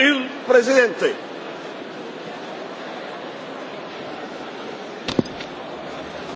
il presidente.